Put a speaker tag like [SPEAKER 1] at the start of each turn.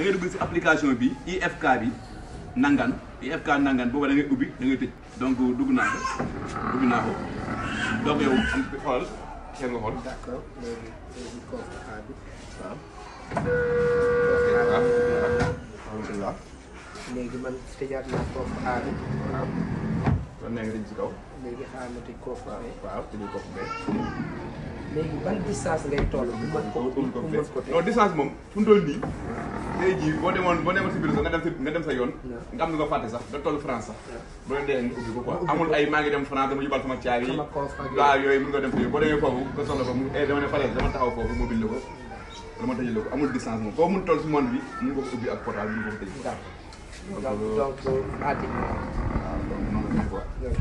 [SPEAKER 1] da ngay dugg application bi IFK bi nangan IFK nangan booba da ngay ubbi da ngay tëj donc dugg naa ko dugg naa ko donc xool
[SPEAKER 2] kee nga A bi waaw. alhamdulilah. léegi kaw. léegi xaar ma tëj distance ngay toll. bu ko bu mën moom fu nii.
[SPEAKER 1] tey jii boo demoon boo demoon si biir sax nga dem si nga dem sa yoon nga am na ko fàtte sax da toll France sax boo leen dee nga ubbi ko quoi amul ay maa ngi dem nga dem sa yoon boo demee
[SPEAKER 3] nga mu eh, dama ne fale dama taxaw foofu mobile la mun toll si monde
[SPEAKER 2] bi ak portable mun nga ko tëj donc donc pratiquement